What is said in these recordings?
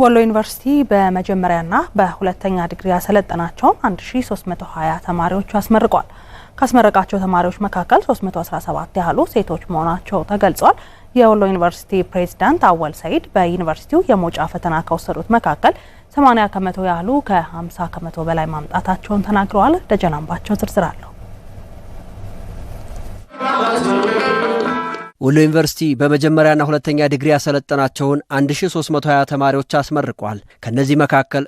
ወሎ ዩኒቨርሲቲ በመጀመሪያና በሁለተኛ ዲግሪ ያሰለጠናቸውን 1320 ተማሪዎች አስመርቋል። ካስመረቃቸው ተማሪዎች መካከል 317 ያህሉ ሴቶች መሆናቸው ተገልጿል። የወሎ ዩኒቨርሲቲ ፕሬዝዳንት አወል ሰይድ በዩኒቨርሲቲው የመውጫ ፈተና ከወሰዱት መካከል 80 ከመቶ ያህሉ ከ50 ከመቶ በላይ ማምጣታቸውን ተናግረዋል። ደጀናምባቸው ዝርዝር አለው። ወሎ ዩኒቨርሲቲ በመጀመሪያና ሁለተኛ ዲግሪ ያሰለጠናቸውን 1320 ተማሪዎች አስመርቋል። ከእነዚህ መካከል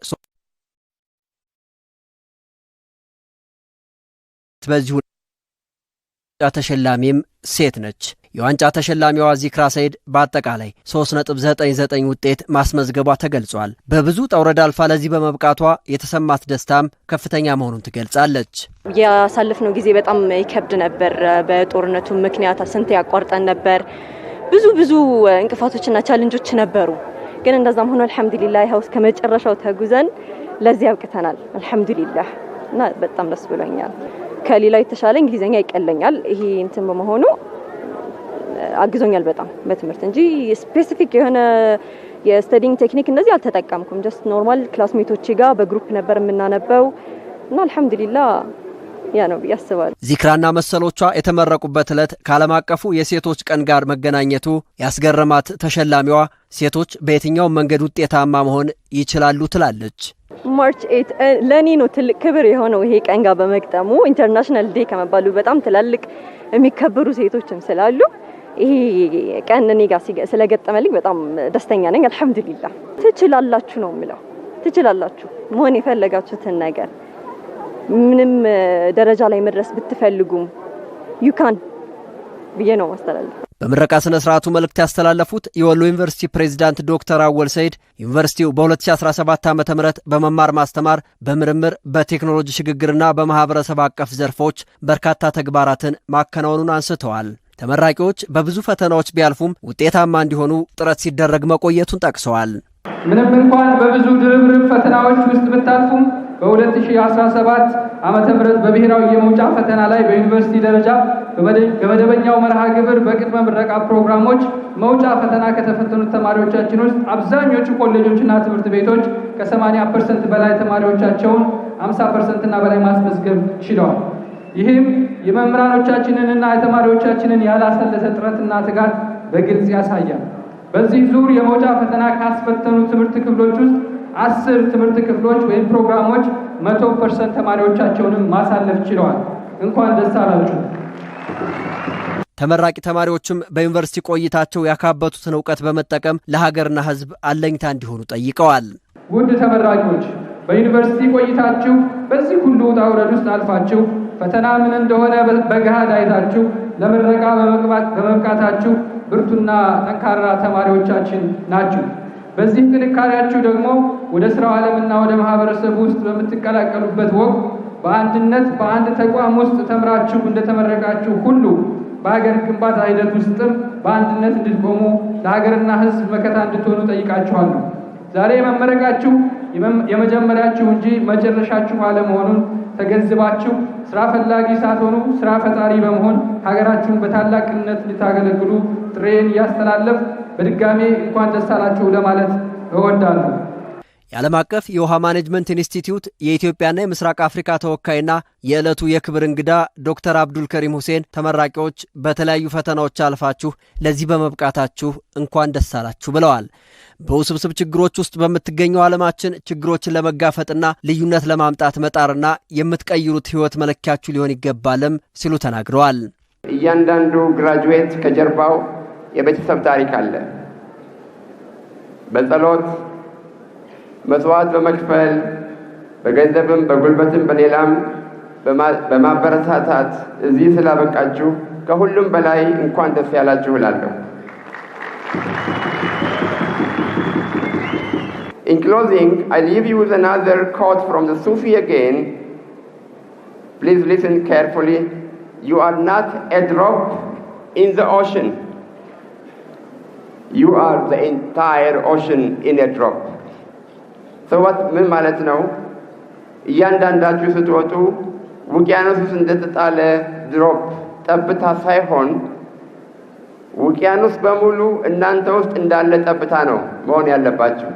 በዚሁ ተሸላሚም ሴት ነች። የዋንጫ ተሸላሚዋ ዚክራ ሰይድ በአጠቃላይ 3.99 ውጤት ማስመዝገቧ ተገልጿል። በብዙ ጠውረድ አልፋ ለዚህ በመብቃቷ የተሰማት ደስታም ከፍተኛ መሆኑን ትገልጻለች። ያሳለፍነው ጊዜ በጣም ይከብድ ነበር። በጦርነቱ ምክንያት ስንት ያቋርጠን ነበር። ብዙ ብዙ እንቅፋቶችና ቻለንጆች ነበሩ። ግን እንደዛም ሆኖ አልሐምዱሊላ ይኸው እስከ መጨረሻው ተጉዘን ለዚህ ያውቅተናል አልሐምዱሊላ እና በጣም ደስ ብሎኛል። ከሌላው የተሻለ እንግሊዝኛ ይቀለኛል። ይሄ እንትን በመሆኑ አግዞኛል በጣም በትምህርት እንጂ ስፔሲፊክ የሆነ የስተዲንግ ቴክኒክ እንደዚህ አልተጠቀምኩም። ጀስት ኖርማል ክላስሜቶቼ ጋር በግሩፕ ነበር የምናነበው እና አልሐምዱሊላ ያ ነው ብዬ አስባለሁ። ዚክራና መሰሎቿ የተመረቁበት ዕለት ከዓለም አቀፉ የሴቶች ቀን ጋር መገናኘቱ ያስገረማት ተሸላሚዋ ሴቶች በየትኛውም መንገድ ውጤታማ መሆን ይችላሉ ትላለች። ማርች ኤት uh, ለእኔ ነው ትልቅ ክብር የሆነው ይሄ ቀን ጋር በመግጠሙ ኢንተርናሽናል ዴ ከመባሉ በጣም ትላልቅ የሚከበሩ ሴቶችም ስላሉ ይሄ ቀን እኔ ጋር ስለገጠመልኝ በጣም ደስተኛ ነኝ። አልሐምዱሊላ። ትችላላችሁ ነው የምለው። ትችላላችሁ መሆን የፈለጋችሁትን ነገር ምንም ደረጃ ላይ መድረስ ብትፈልጉም ዩካን ብዬ ነው ማስተላለፍ። በምረቃ ስነ ስርዓቱ መልእክት ያስተላለፉት የወሎ ዩኒቨርሲቲ ፕሬዚዳንት ዶክተር አወል ሰይድ ዩኒቨርሲቲው በ2017 ዓ ም በመማር ማስተማር፣ በምርምር፣ በቴክኖሎጂ ሽግግርና በማህበረሰብ አቀፍ ዘርፎች በርካታ ተግባራትን ማከናወኑን አንስተዋል። ተመራቂዎች በብዙ ፈተናዎች ቢያልፉም ውጤታማ እንዲሆኑ ጥረት ሲደረግ መቆየቱን ጠቅሰዋል። ምንም እንኳን በብዙ ድርብርብ ፈተናዎች ውስጥ ብታልፉም በ2017 ዓመተ ምህረት በብሔራዊ የመውጫ ፈተና ላይ በዩኒቨርሲቲ ደረጃ በመደበኛው መርሃ ግብር በቅድመ ምረቃ ፕሮግራሞች መውጫ ፈተና ከተፈተኑት ተማሪዎቻችን ውስጥ አብዛኞቹ ኮሌጆችና ትምህርት ቤቶች ከ80 ፐርሰንት በላይ ተማሪዎቻቸውን 50 ፐርሰንትና በላይ ማስመዝገብ ችለዋል። ይህም የመምህራኖቻችንንና የተማሪዎቻችንን ያላሰለሰ ጥረትና ትጋት በግልጽ ያሳያል። በዚህ ዙር የመውጫ ፈተና ካስፈተኑ ትምህርት ክፍሎች ውስጥ አስር ትምህርት ክፍሎች ወይም ፕሮግራሞች መቶ ፐርሰንት ተማሪዎቻቸውንም ማሳለፍ ችለዋል። እንኳን ደስ አላችሁ። ተመራቂ ተማሪዎችም በዩኒቨርሲቲ ቆይታቸው ያካበቱትን እውቀት በመጠቀም ለሀገርና ሕዝብ አለኝታ እንዲሆኑ ጠይቀዋል። ውድ ተመራቂዎች በዩኒቨርሲቲ ቆይታችሁ በዚህ ሁሉ ውጣ ውረድ ውስጥ አልፋችሁ ፈተና ምን እንደሆነ በገሃድ አይታችሁ ለምረቃ በመብቃታችሁ ብርቱና ጠንካራ ተማሪዎቻችን ናችሁ። በዚህ ጥንካሬያችሁ ደግሞ ወደ ስራው ዓለምና ወደ ማህበረሰቡ ውስጥ በምትቀላቀሉበት ወቅት በአንድነት በአንድ ተቋም ውስጥ ተምራችሁ እንደተመረቃችሁ ሁሉ በሀገር ግንባታ ሂደት ውስጥም በአንድነት እንድትቆሙ ለሀገርና ሕዝብ መከታ እንድትሆኑ ጠይቃችኋለሁ። ዛሬ መመረቃችሁ የመጀመሪያችሁ እንጂ መጨረሻችሁ አለመሆኑን ተገንዝባችሁ ስራ ፈላጊ ሳትሆኑ ስራ ፈጣሪ በመሆን ሀገራችሁን በታላቅነት እንድታገለግሉ ጥሬን እያስተላለፍ በድጋሜ እንኳን ደስ አላችሁ ለማለት እወዳለሁ። የዓለም አቀፍ የውሃ ማኔጅመንት ኢንስቲትዩት የኢትዮጵያና የምስራቅ አፍሪካ ተወካይና የዕለቱ የክብር እንግዳ ዶክተር አብዱልከሪም ሁሴን ተመራቂዎች በተለያዩ ፈተናዎች አልፋችሁ ለዚህ በመብቃታችሁ እንኳን ደስ አላችሁ ብለዋል። በውስብስብ ችግሮች ውስጥ በምትገኘው ዓለማችን ችግሮችን ለመጋፈጥና ልዩነት ለማምጣት መጣርና የምትቀይሩት ሕይወት መለኪያችሁ ሊሆን ይገባልም ሲሉ ተናግረዋል። እያንዳንዱ ግራጁዌት ከጀርባው የቤተሰብ ታሪክ አለ። በጸሎት መስዋዕት በመክፈል በገንዘብም በጉልበትም በሌላም በማበረታታት እዚህ ስላበቃችሁ ከሁሉም በላይ እንኳን ደስ ያላችሁ እላለሁ። In closing, I leave you with another quote from the Sufi again. Please listen carefully. You are not a drop in the ocean. You are the entire ocean in a drop. ሰባት ምን ማለት ነው? እያንዳንዳችሁ ስትወጡ ውቅያኖስ ውስጥ እንደተጣለ ድሮፕ ጠብታ ሳይሆን ውቅያኖስ በሙሉ እናንተ ውስጥ እንዳለ ጠብታ ነው መሆን ያለባችሁ።